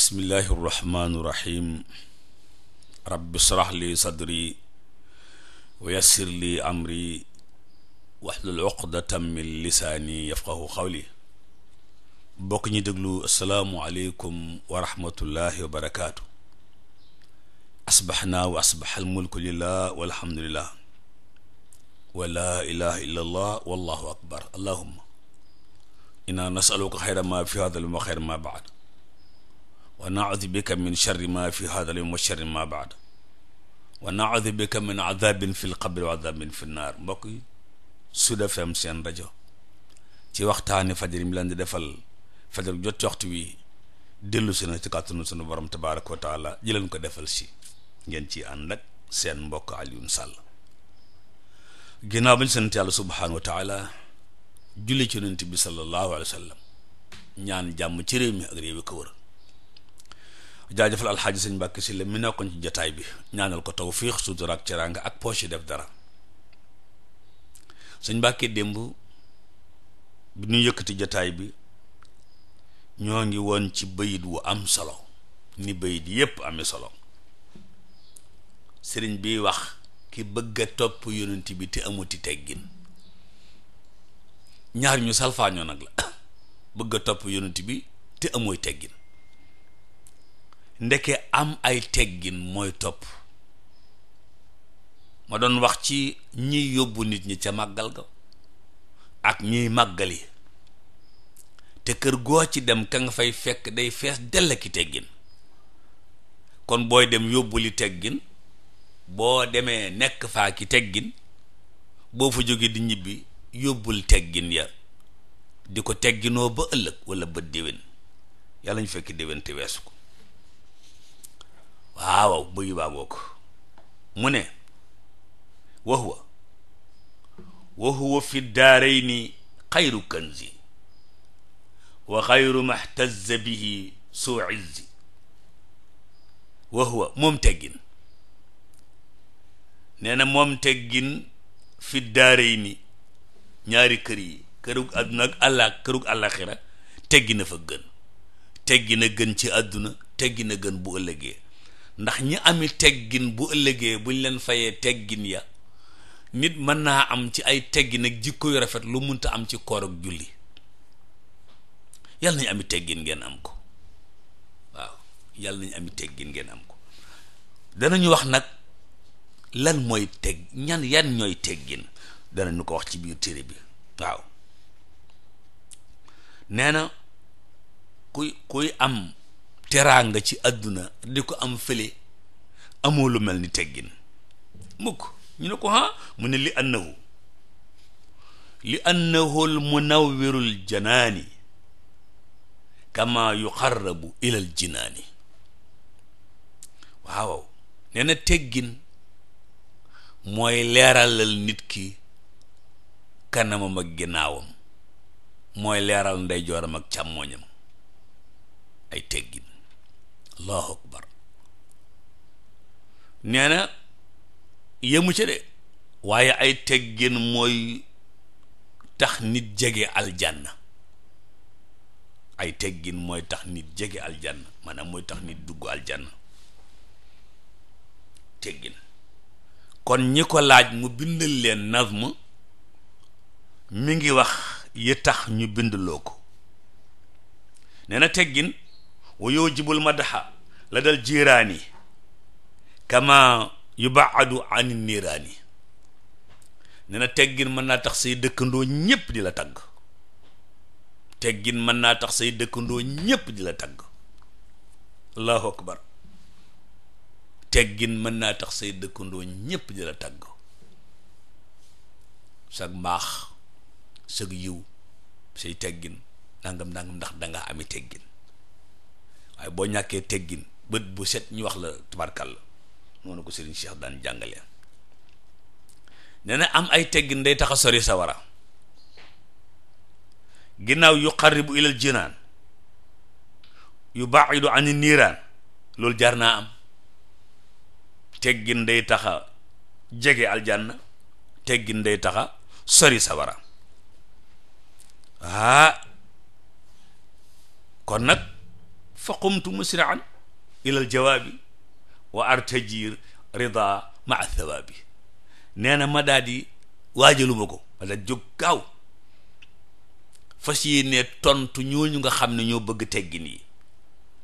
bismillahi irrahmani irrahim rabbi israh li sadri wa yassir li amri waxlul uqdatan min lisaani yafqahu qawli bokk ñi déglu asalaamu aleykum wa rahmatullahi wa barakaatu asbaxnaa wa asbaxa almulku lillah walhamdulillah wa laa ilaha illa allah wallahu akbar allahuma inna nasaluka xayra ma fi hada wa xayra ma baad wa naudu bika min charri ma fi hada alyawm wa charri ma baad wa naudu bika min adabin fi lqabri wa adabin fi nnaar mbokk yi Sud seen rajo ci waxtaani fajar mi leen di defal fajar jot ci waxtu wi dellu si na ci kàttanu sunu borom tabaaraka wa taala ji leen ko defal si ngeen ci ànd ak seen mbokk Alioune Sall ginnaaw bañ sant yàlla subhaanahu wa taala julli ci yonent bi sallallahu alayhi wa sallam ñaan jàmm ci réew mi ak réew yi jaajëfal alxaaji sëñ Mbàkke si la mi nekkoon ci jataay bi ñaanal ko tawfiix sutura ak teraanga ak poche def dara sëñ Mbàkke démb bi ñu yëkkati jataay bi ñoo ngi woon ci bayit wu am solo ni bayit yépp amee solo sëriñ bi wax ki bëgga topp yonent bi te amuti teggin ñaar ñu salfaañoo nag la bëgga topp yonent bi te amooy teggin ndeke am ay teggin mooy topp ma doon wax ci ñiy yóbbu nit ñi ca màggal ga ak ñiy màggali te kër goo ci dem ka nga fay fekk day fees dell ki teggin kon booy dem yóbbuli teggin boo demee nekk faa ki teggin boo fa jógee di ñibbi yóbbul teggin ya di ko tegginoo ba ëllëg wala bët déwén yàlla ñu fekk déwén te weesu ko waaw bëy baa ngoog mu ne wa huwa wa huwa fi daarayni xayru kanzi wa xayru maxtazza bihi suu izzi wa moom teggin nee na moom teggin fi daarayni ñaari kër yi kërug àdduna ak àllaa kërug àllaaxira teggi na fa gën teggi na gën ci àdduna teggi na gën bu ëllëgee ndax ñi ami teggin bu ëllëgee buñ leen fayee teggin ya nit mën naa am ci ay teggin ak jikko yu rafet lu munta am ci koor ak julli yàlla nañ ami teggin ngeen am ko waaw yàlla nañ ami teggin ngeen am ko danañu wax nag lan mooy teg ñan yan ñooy teggin danañu ko wax ci biir téere bi waaw nee kuy kuy am teraanga ci àdduna di ko am fële amoo lu mel ni teggin mukk ñu ne ko ha mu ne li annahu li annahu l munawwirul janaani kama yuqarrabu ilal jinaani waaw nee teggin mooy leeralal nit ki kanamam ak ginnaawam mooy leeral ndeyjooram ak càmmooñam ay teggin allahu akbar nee yemu ca de waaye ay teggin mooy tax nit jege aljanna ay teggin mooy tax nit jege aljanna maanaam mooy tax nit dugg aljanna teggin kon ñi ko laaj mu bind leen nazm mu ngi wax yi tax ñu bindaloo ko nee teggin wa yujibul madaxa la dal jiiraani kama yubaadu ani niiraani ne na teggin mën naa tax say dëkkandoo ñépp di la tagg teggin mën naa tax say dëkkandoo ñépp di la tagg allahu akbar teggin mën naa tax say dëkkandoo ñépp di la tagg sag mbaax sag yiw say teggin nangam nangam ndax danga ami teggin waaye boo ñàkkee teggin bët bu set ñu wax la tubaarkal la noonu ko Serigne Cheikh daan jàngale nee am ay teggin day tax sori sawara ginnaaw yu jinaan yu baaxidu niiraan loolu jaar naa am teggin day taxa jege aljanna teggin day taxa sori sawara ah kon nag fa qumtu musri'an ila aljawaabi wa artaji rida maa thawaabi nee na ma daal di waajaluma ko ma daal jóg gaaw fas yéene tontu ñooñu nga xam ne ñoo bëgg teggin yi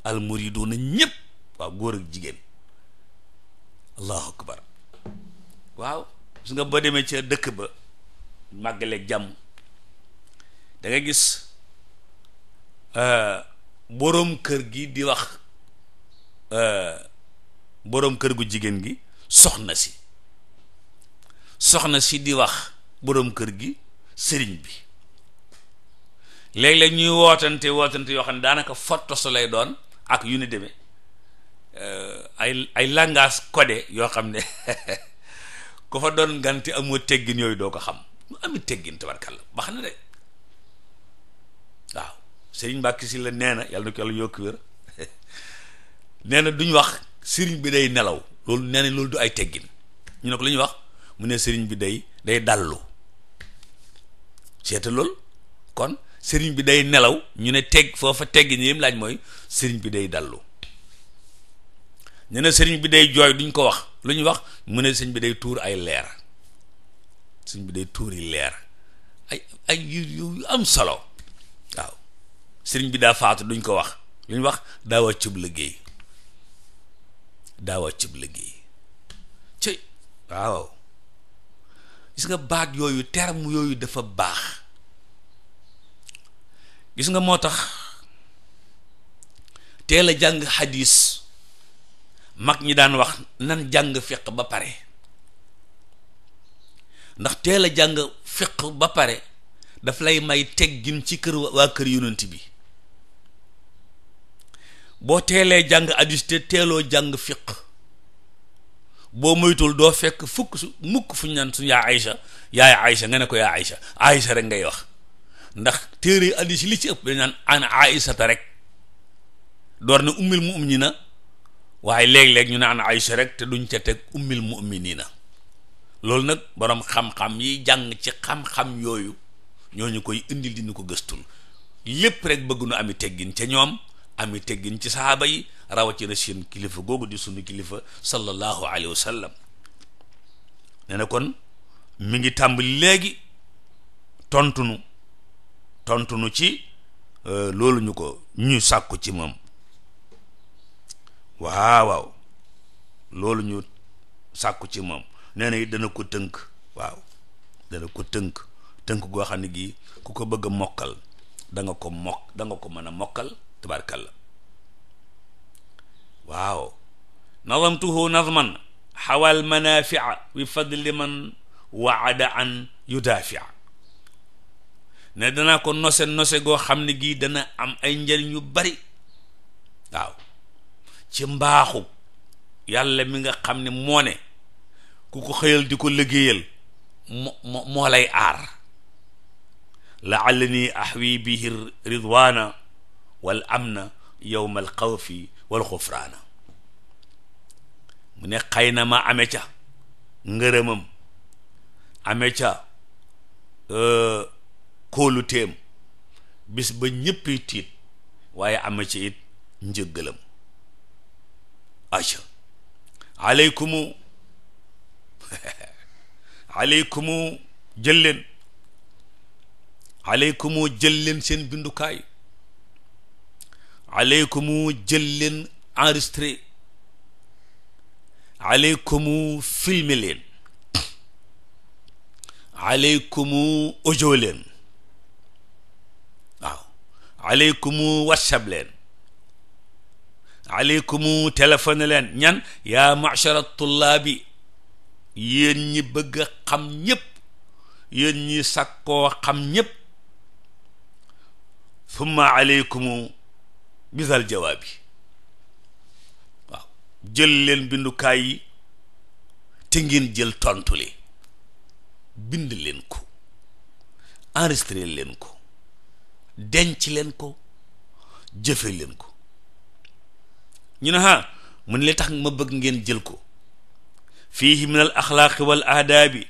almuriduuna ñépp waaw góor ak jigéen allahu akbar waaw su nga ba demee ca dëkk ba màggaleeg jàmm da gis euh, boroom kër gi di wax euh, boroom kër gu jigéen gi soxna si soxna si di wax boroom kër gi sëriñ bi léeg-léeg ñuy wootante wootante yoo xam ne daanaka fottoso lay doon ak yu ni demee euh, ay ay langage codé yoo xam ne ku fa doon ganti amoo teggin yooyu doo ko xam mu ami teggin tabarkàlla baax na de sëriñ Mbàkke si nee na yàlla na ko yàlla yokk wér wax sëriñ bi day nelaw loolu nee loolu du ay teggin ñu ne ñuy wax mu sëriñ bi day day dallu seeta loolu kon sëriñ bi day nelaw ñu ne teg foofa teggin yim laaj mooy sëriñ bi day dallu ñu ne sëriñ bi day jooy duñ ko wax lu ñuy wax mu ne sëriñ bi day tuur ay leer sëriñ bi day tuuri leer ay ay yu am solo waaw sëriñ bi daa faatu duñ ko wax luñ wax daa wàccub liggéey daa wàccub liggéey ci waaw gis nga baat yooyu terme yooyu dafa baax gis nga moo tax teel a jàng xadis mag ñi daan wax nan jàng fiq ba pare ndax teel a jàng fiq ba pare daf lay may teg teggin ci kër waa kër yonent bi boo teelee jàng hadis te teeloo jàng fiq boo moytul doo fekk fukk su mukk fu ñu naan suñu yaa Aïcha yaay Aïcha nga ne ko yaa Aïcha Aïcha rek ngay wax ndax téere hadis li ci ëpp dañ naan an Aïchata rek door na ummil na waaye léeg-léeg ñu naan Aïcha rek te duñ ca teg ummil na loolu nag boroom xam-xam yi jàng ci xam-xam yooyu ñoo ñu koy indil di ñu ko gëstul lépp rek bëgg nu ami teggin ca ñoom ami teggin ci sahaaba yi rawatina seen kilifa googu di sunu kilifa sallallahu alayhi wa sallam kon mi ngi tàmbali léegi tontunu tontunu ci e, loolu ñu ko ñu sàkku ci moom waaw waaw loolu ñu sàkku ci moom nee na dana ko tënk waaw dana ko tënk tënk goo xam ne gii ku ko bëgg mokkal danga nga ko mokk da ko mën a mokkal tabarkalla waaw nadamtuhu nadman xawal manafia bi fadli man waada an yudafia ne danaa ko nose nose goo xam ne gii dana am ay njëriñ yu bari waaw ci mbaaxu yàlla mi nga xam ne moo ne ku ko di ko liggéeyal moo moo lay aar laallani ahwi bihi ridwana wal amna yowma al xawfi wal xufraana mu ne xëy na ma ame ca ngërëmam ame ca euh, kóolu téem bis ba ñëppi tiit waaye ame ca it njëggalam aca aleykumu aleykumu jël leen aleykumu jël leen seen bindukaay aleykumu jël leen enregistré aleykumu filme leen aleykumu audio leen waaw aleykumu whatsapp leen aleykumu téléphone leen ñan yaa machara tullaabi yéen ñi bëgg a xam ñëpp yéen ñi sakkoo xam ñëpp summa aleykumu bisal jawaab yi waaw jël leen bindukaay yi te ngeen jël tontu li bind leen ko enregistré leen ko denc leen ko jëfe leen ko ñu ne ah mu ne li tax ma bëgg ngeen jël ko fiihi min al axlaaqi wal aadaabi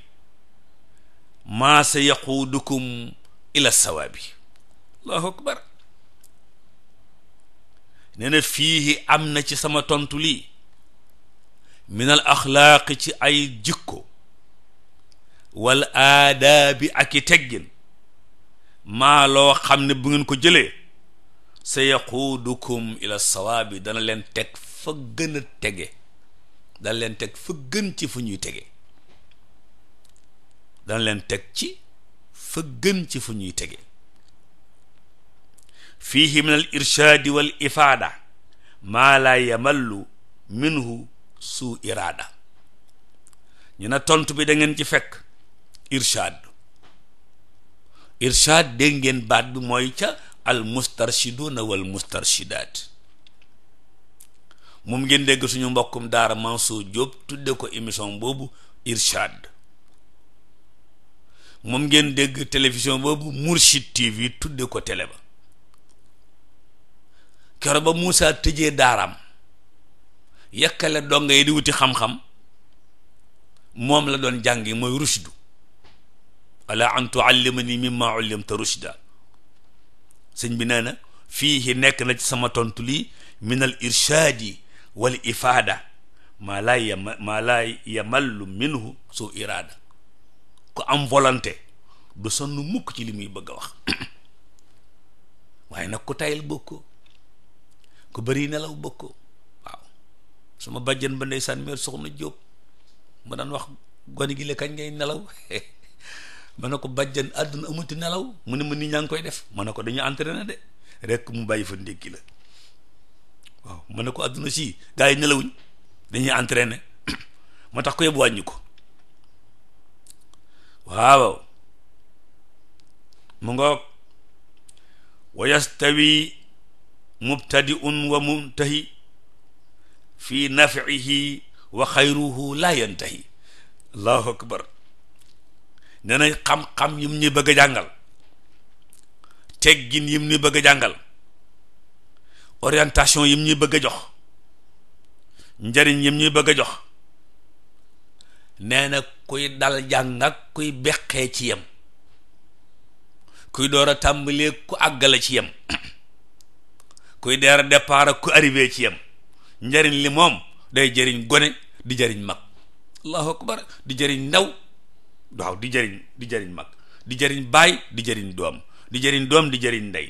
maa sa yaquudukum ila sawaabi nee fii fiihi am na ci sama tontu lii minal axlaaqi ci ay jikko wal aadaabi ak i teggin maa loo xam ne bu ngeen ko jëlee sa yaquudukum ila sawaabi dana leen teg fa gën a tege dana leen teg fa gën ci fu ñuy tege dana leen teg ci fa gën ci fu ñuy tege fii min al irshaadi wal ifaada maa laa yamallu minhu suu iraada ñu ne tontu bi da ngeen ci fekk irshaad irshaad dégg ngeen baat bi mooy ca al mustarshiduuna wal mustarshidaat moom ngeen dégg suñu mbokkum daara Mansour Diop tudde ko émission boobu irshaad moom ngeen dégg télévision boobu Mourchid TV tudde ko télé ba kero ba Moussa tëjee daaram yàkkale dongo yi di wuti xam-xam moom la doon jàngi mooy rushdu ala an tuallimani mimma ullimta rushda sëñ bi nee na fii nekk na ci sama tontu lii min al irshaadi wal ifaada maa laa yama minhu soo iraada ku am volonté du sonn mukk ci limuy muy bëgg a wax waaye nag ku tayal bokkoo ku bëri nelaw bëgg ko waaw ma bàjjen ba ndeysaan meer soxna jóob ma daan wax gone gi la kañ ngay nelaw ma ne ko bàjjan àdduna amuti nelaw mu ne ma nit ñaa ngi koy def ma ne ko dañu entraîné de rek mu bàyyi fa ndékki la waaw ma ne ko àdduna si gars yi nelawuñ dañuy entraîné moo tax ko yëpp wàññi ko waaw mu ngoog wa yastawi mubtadiun wa muntahi fi nafihi wa xayruhu laa yantahi allahu akbar nee xam-xam yim ñu bëgg a jàngal teggin yim ñu bëgg a jàngal orientation yim ñuy bëgg a jox njariñ yim ñuy bëgg a jox nee na kuy dal jàng ak kuy beqee ci yem kuy door a tàmbalee ku àggale ci yem kuy deer départ ak ku arrivé yam njariñ li moom day jëriñ gone di jëriñ mag allahu akbar di jëriñ ndaw waaw di jëriñ mag di jariñ baay di jëriñ doom di jëriñ doom di jëriñ ndey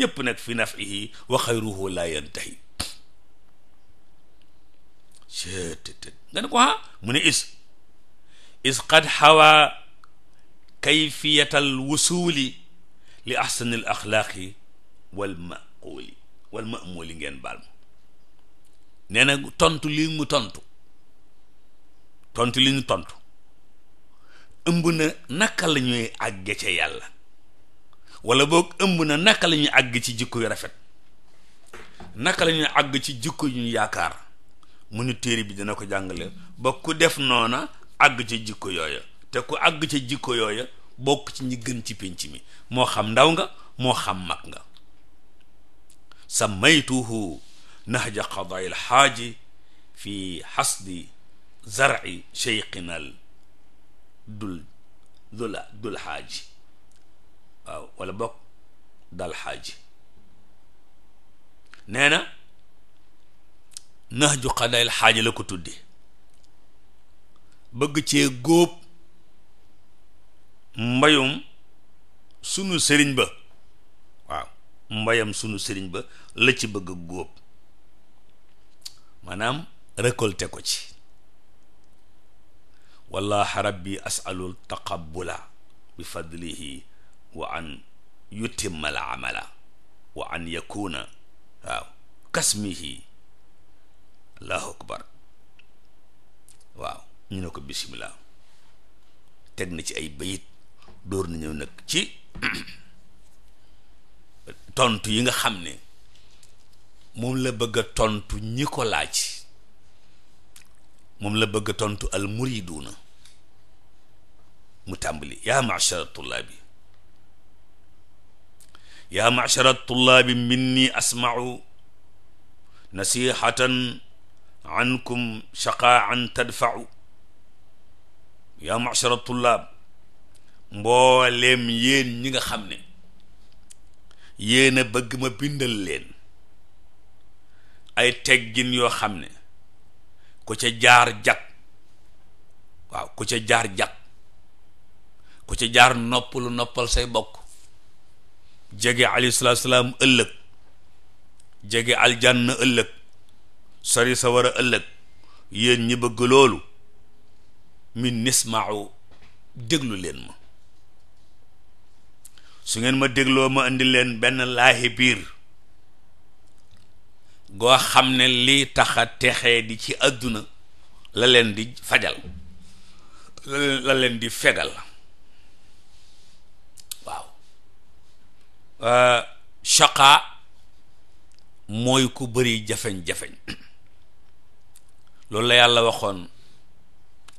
ñépp nag fi nafihi wa xayruhu la yantahi cettt nga ne ko ha ah, mu ne is is qad hawa kayfiyatal wusuli li ahsani al axlaaqi wal maquuli wal ma amoo li ngeen baal ma nee na tontu li mu tontu tontu li ñu tontu ëmb na naka la ñuy ca yàlla wala boog ëmb na naka la ñuy àgg ci jikko yu rafet naka la ñuy àgg ci jikko yu ñu yaakaar mu ñu téere bi dina ko jàngale ba ku def noona àgg ca jikko yooya te ku àgg ca jikko yooya bokk ci ñi gën ci pinc mi moo xam ndaw nga moo xam mag nga samaytuhu nahja qadaa il xaaji fi xasdi zarci cheyqinal dul dula dul xaaji waaw wala bokk dal xaaji nee na nahju qadaa il xaaji la ko tudde bëgg cee góob mbayum sunu sëriñ ba mbayam sunu sëriñ ba la ci bëgg góob maanaam récolté ko ci wallahi rabbi asalul taqabula bi fadlihi wa an yutimma al amala wa an yakuna waaw kasmihi allahu akbar waaw ñu ne ko bismillah teg na ci ay bayit dóor na ñëw nag ci tontu yi nga xam ne moom la bëgg tontu ñi laaj moom la bëgga a tontu al muriduuna mu tàmbali yaa machara tullaabi yaa machara tullaabi minni asmau nasihatan ankum shaqaan tadfau yaa machara tullaab mbooleem yéen ñi nga xam ne yéen a bëgg ma bindal leen ay teggin yoo xam ne ku ca jaar jag waaw ku ca jaar jat ku ca jaar noppalu noppal say bokk jege alayhi salaam ëllëg jege aljanna ëllëg sori sa war a ëllëg yéen ñi bëgg loolu min nismau déglu leen ma su ngeen ma dégloo ma indi leen benn laahi biir goo xam ne lii taxa texee di ci àdduna la leen di fajal la leen di fegal waaw euh, chaqa mooy ku bari jafeñ-jafeñ loolu la yàlla waxoon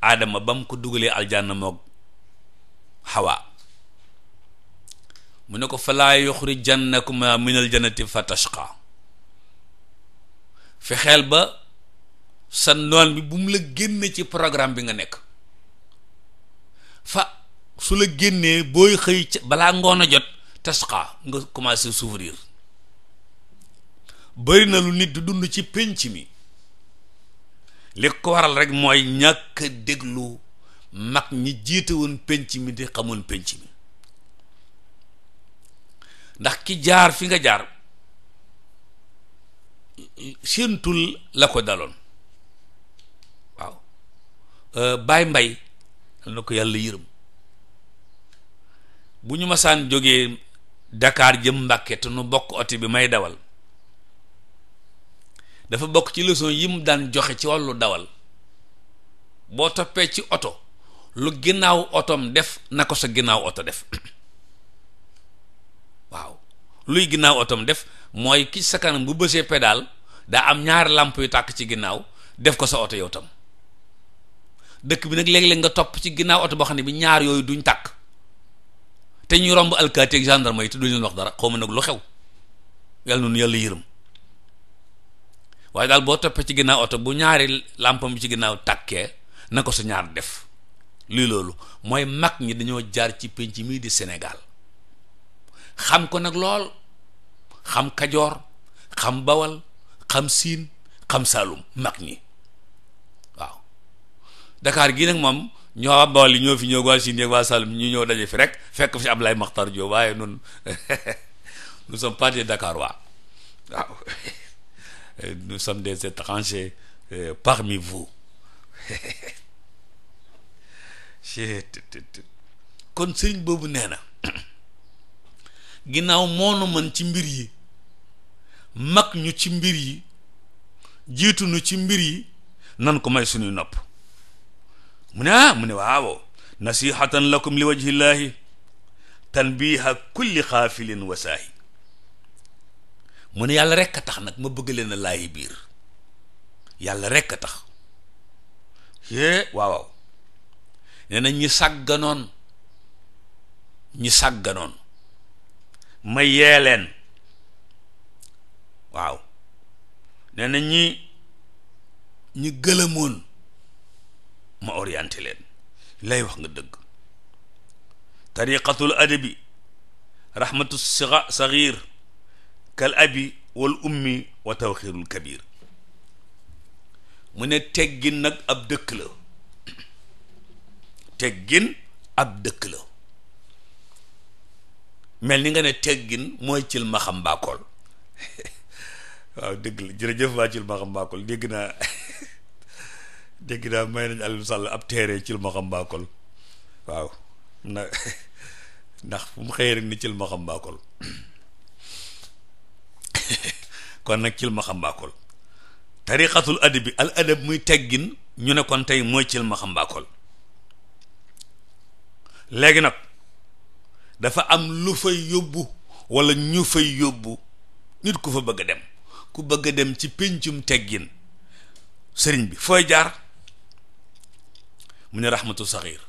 aadama ba mu ko dugalee aljanna moog xawa mu ne ko falaa yuxrijannakuma minal jannati fa tashqa fexeel ba sa noon bi bu mu la génne ci programme bi nga nekk fa su la génnee booy xëy balaa ngoon a jot tashqa nga commencé souffrir bëri na lu nit di dund ci pénc mi li ko waral rek mooy ñàkk déglu mag ñi jiite woon pénc mi di xamoon pénc mi ndax ki jaar fi nga jaar séentul la ko daloon waaw euh, baay mbay na ko yàlla yërëm bu ñu masaan jógee dakaar jëm Mbàkke te nu bokk oto bi may dawal dafa bokk ci leçon yi mu daan joxe ci wàllu dawal boo toppee ci oto lu ginnaaw otom def na ko sa ginnaaw oto def luy ginnaaw otom def mooy ki sa kanam bu bësee pédale daa am ñaari làmp yu tàkk ci ginnaaw def ko sa oto yow tam dëkk bi nag léeg-léeg nga topp ci ginnaaw oto boo xam ne bi ñaar yooyu duñ tàkk te ñu romb alkaati ak gendarme yi te duñ leen dara xaw nag lu xew yàlla noonu yàlla yërëm waaye daal boo toppee ci ginnaaw oto bu ñaari làmpam bi ci ginnaaw tàkkee na ko sa ñaar def lii loolu mooy mag ñi dañoo jaar ci penc mii di Sénégal xam ko nag lool xam kajoor xam bawal xam siin xam saalum mag ñi waaw Dakar gii nag moom ñoo waa bawal yi ñoo fi ñëw waa siin yeeg waa saalum ñu ñëw daje fi rek fekk fi ab Ablaye Makhtar Diop waaye nun nous sommes pas des Dakarois waaw nous sommes des étrangers euh, parmi vous kon sëriñ boobu nee na ginnaaw moonu mën ci mbir yi mag ñu ci mbir yi jiitu nu ci mbir yi nan ko may suñuy nopp mu ne ah mu ne waaw nasihatan lakum li wajhillahi tanbiha kulli xaafilin wasaahi mu ne yàlla rekk a tax nag ma bëgg leen a biir yàlla rekk a tax é waaw nee na ñi sàgganoon ñi sàgganoon ma yee leen waaw nee na ñi ñi gëlëmoon ma orienté leen lay wax nga dëgg tariqatul adabi rahmatu saxir kal abi wal ummi wa tawxirul kabir mu ne teggin nag ab dëkk la teggin ab dëkk la mel ni nga ne teggin mooy cil ma xam mbaakool waaw dëgg la jërëjëf waa cil ma xam mbaakool dégg naa dégg naa may nañ Alioune ab teere cil ma xam mbaakool waaw ndax fu mu xëyee rek ni cil ma xam mbaakool kon nag cil ma xam mbaakool tariqatul adabi al adab muy teggin ñu ne kon tey mooy cil ma xam mbaakool léegi nag dafa am lu fay yóbbu walla ñu fay yóbbu nit ku fa bëgg a dem ku bëgg a dem ci péncum teggin sëriñ bi fooy jaar mu ne raxmatu saxiir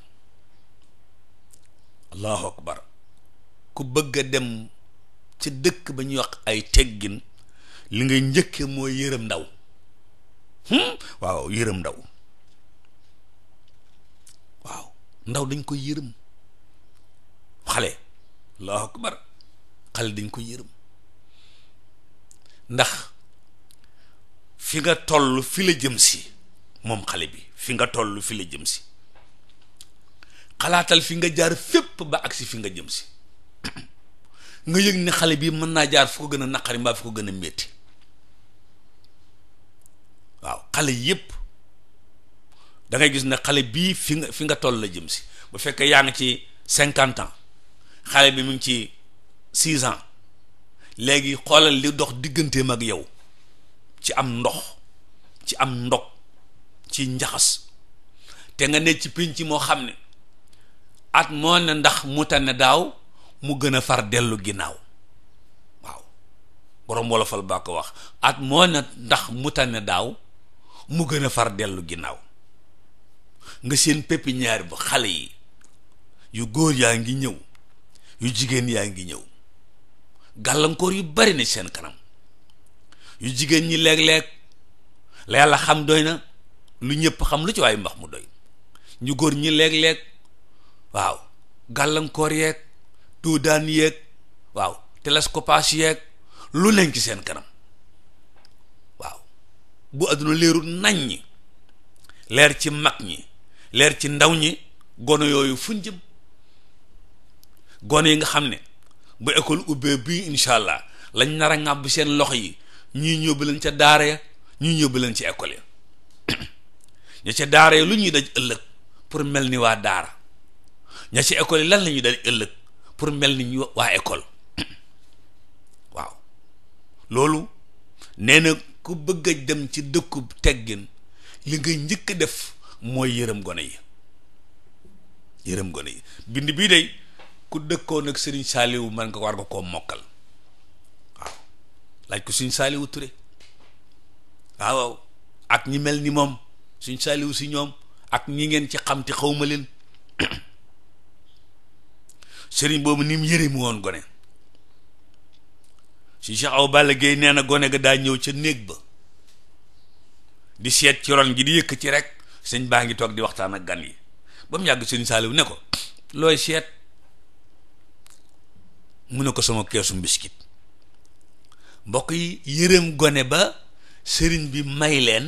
allahu akbar ku bëgg a dem ci dëkk ba ñuy wax ay teggin li ngay njëkke mooy yërëm ndaw hmm? waaw yërëm ndaw waaw ndaw dañ koy yërëm xale allahu akbar xale dañ ko yërëm ndax fi nga toll fi la jëm si moom xale bi fi nga toll fi la jëm si xalaatal fi nga jaar fépp ba agsi fi nga jëm si nga yëg ni xale bii mën naa jaar fu ko gën a naqari mbaa fu ko gën a metti waaw xale yépp dangay gis ne xale bii fi nga fi nga toll la jëm si bu fekkee yaa ngi ci cinquante ans xale bi mu ngi ci six léegi xoolal li dox digganteem ak yow ci am ndox ci am ndog ci njaxas te nga ne ci pinc moo xam ne at moo ne ndax mu tane daaw mu gën a far dellu ginnaaw waaw borom wolofal baa wax at moo ne ndax mu tane daaw mu gën a far dellu ginnaaw nga seen pépinière bu xale yi yu góor yaa ngi ñëw yu jigéen yaa ngi ñëw gàllankoor yu bari na seen kanam yu jigéen ñi leeg léeg la yàlla xam doy na lu ñëpp xam lu ci waaye mbax mu doy ñu góor ñi leeg léeg waaw gàllankoor yeeg daan yeeg waaw télescopage yeeg lu leen ci seen kanam waaw bu àdduna leerul nañ ñi leer ci mag ñi leer ci ndaw ñi gono yooyu fuñ jëm gone yi nga xam ne bu école ubbee bii incha allah lañ nar a ŋàbb seen loxo yi ñuy yóbbu ca daara ya ñii yóbbu leen ci école ya ña ca daara ya lu ñuy daj ëllëg pour mel ni waa daara ña ci école lan la ñuy ëllëg pour mel ni ñu waa école waaw loolu nee na ku bëgg a dem ci dëkku teggin li nga njëkk a def mooy yërëm gone yi yërëm gone yi bind bii day ku dëkkoon ak sëriñ saaliwu man nga war nga koo mokkal waaw laaj ko suñ saaliwu ture waaw waaw ak ñi mel ni moom suñ saaliwu si ñoom ak ñi ngeen ci xam xaw ma leen sëriñ boobu ni mu yërëm woon gone si Cheikh Awa Balla Gueye nee na gone ga daa ñëw ca néeg ba di seet ci ron gi di yëkk ci rek sëñ baa ngi toog di waxtaan ak gan yi ba mu yàgg sëñ Saaliw ne ko looy seet mu ne ko sama keesum biskit mbokk yi yërëm gone ba sëriñ bi may leen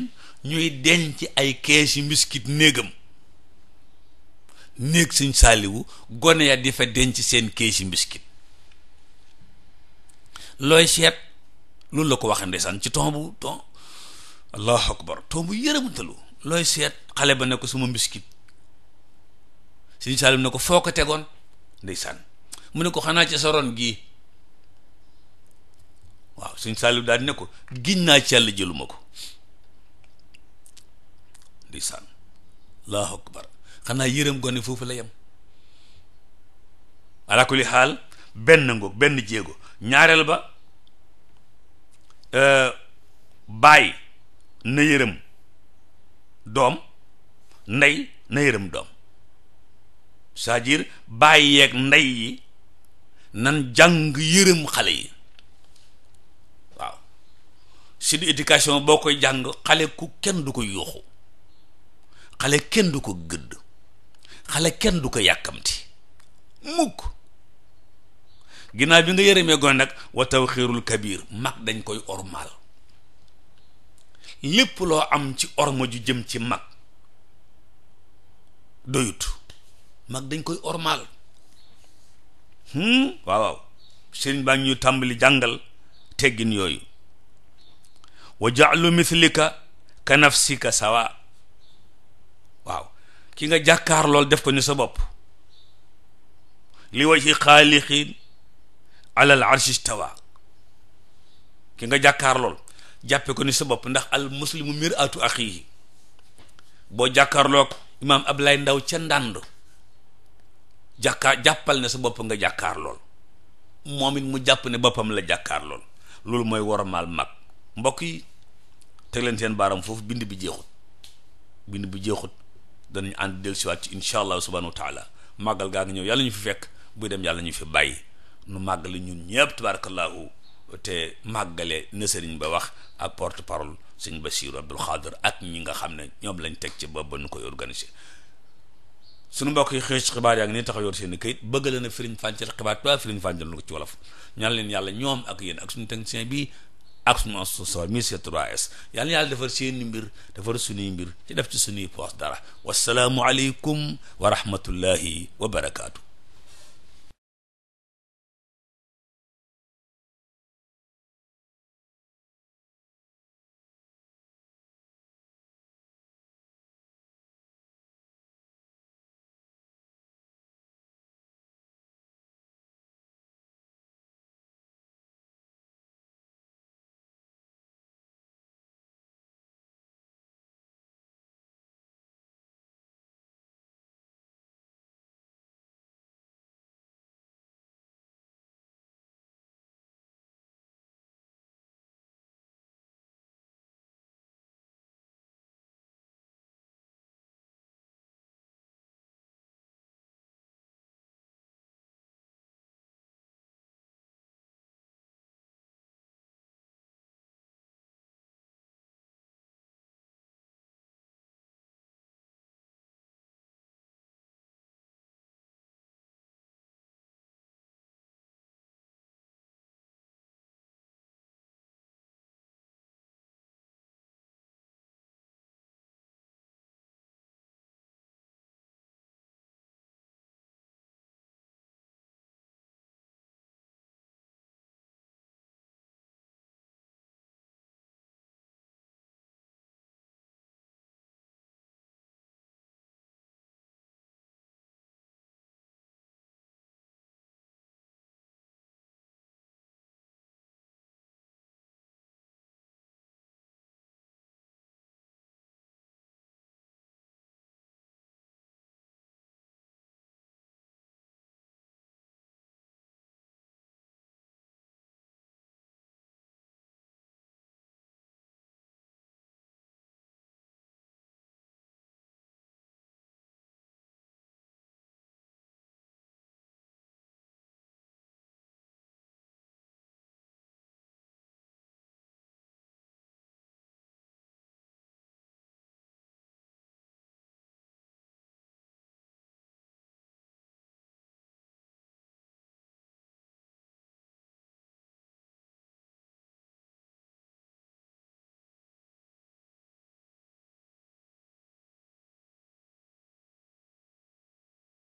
ñuy denc ay keesi mbiskit néegam néeg suñ saaliwu gone ya di fa denc seen keesi mbiskit looy seet loolu la ko waxee ndeysaan ci tombu tom allahu akbar tombu yërëmtalu looy seet xale ba ne ko suma mbiskit suñ saaliwu ne ko foo ko tegoon ndeysaan mu ne ko xanaa ca soroon gii waaw suñ saalib daal ne ko giñ naa ci yàlla jëluma ko ndeysaan allahu akbar xanaa yërëm gone foofu la yem ala kulli xaal benn ngoog benn jéego ñaareel ba euh, baay na yërëm doom ndey na yërëm doom c'est-à-dire baay ndey yi nan jàng yërëm xale yi waaw si di éducation boo koy jàng xale ku kenn du ko yuuxu xale kenn du ko gëdd xale kenn du ko yàkkamti mukk ginnaaw bi nga yërëmee gone nag wa tawxiirul kabir mag dañ koy ormaal lépp loo am ci orma ju jëm ci mag doyut mag dañ koy ormaal waaw hmm? waaw sëriñ baa ñu tàmbali jàngal teggin yooyu wa ja'lu mithlika ka nafsika sawa waaw ki nga jàkkaar lool def ko ni sa bopp li wa ci xaaliqin alal arshi istawa ki nga jàkkaar lool jàppe ko ni sa bopp ndax al muslimu mir'atu axihi boo jàkkaarloog imaam lay Ndaw ca ndànd jàkkaar jàppal ne sa bopp nga jàkkaar lool moom it mu jàpp ne boppam la jàkkaar lool loolu mooy maal mag mbokk yi teg leen seen baaram foofu bind bi jeexut bind bi jeexut danañ ànd dellusiwaat ci incha allah subhanahu wa taala màggal gaa ngi ñëw yàlla ñu fi fekk buy dem yàlla ñu fi bàyyi nu màggale ñun ñëpp tabarakallahu te màggale na sëriñ ba wax ak porte parole sëñ Basiru Abdul Xaadir ak ñi nga xam ne ñoom lañ teg ci ba ba nu koy organiser sunu mbokk yi xëy xibaar yaa ngi nii taxaw yor seen kayit bëgg leen a firiñ fàncal xibaar tubaab firiñ fàncal na ko ci wolof ñaan leen yàlla ñoom ak yéen ak suñu technicien bi ak suñu association mi C3S yàlla yàlla defar seeni mbir defar suñuy mbir ci def ci suñuy poos dara wasalaamualeykum wa rahmatullahi wa barakaatu.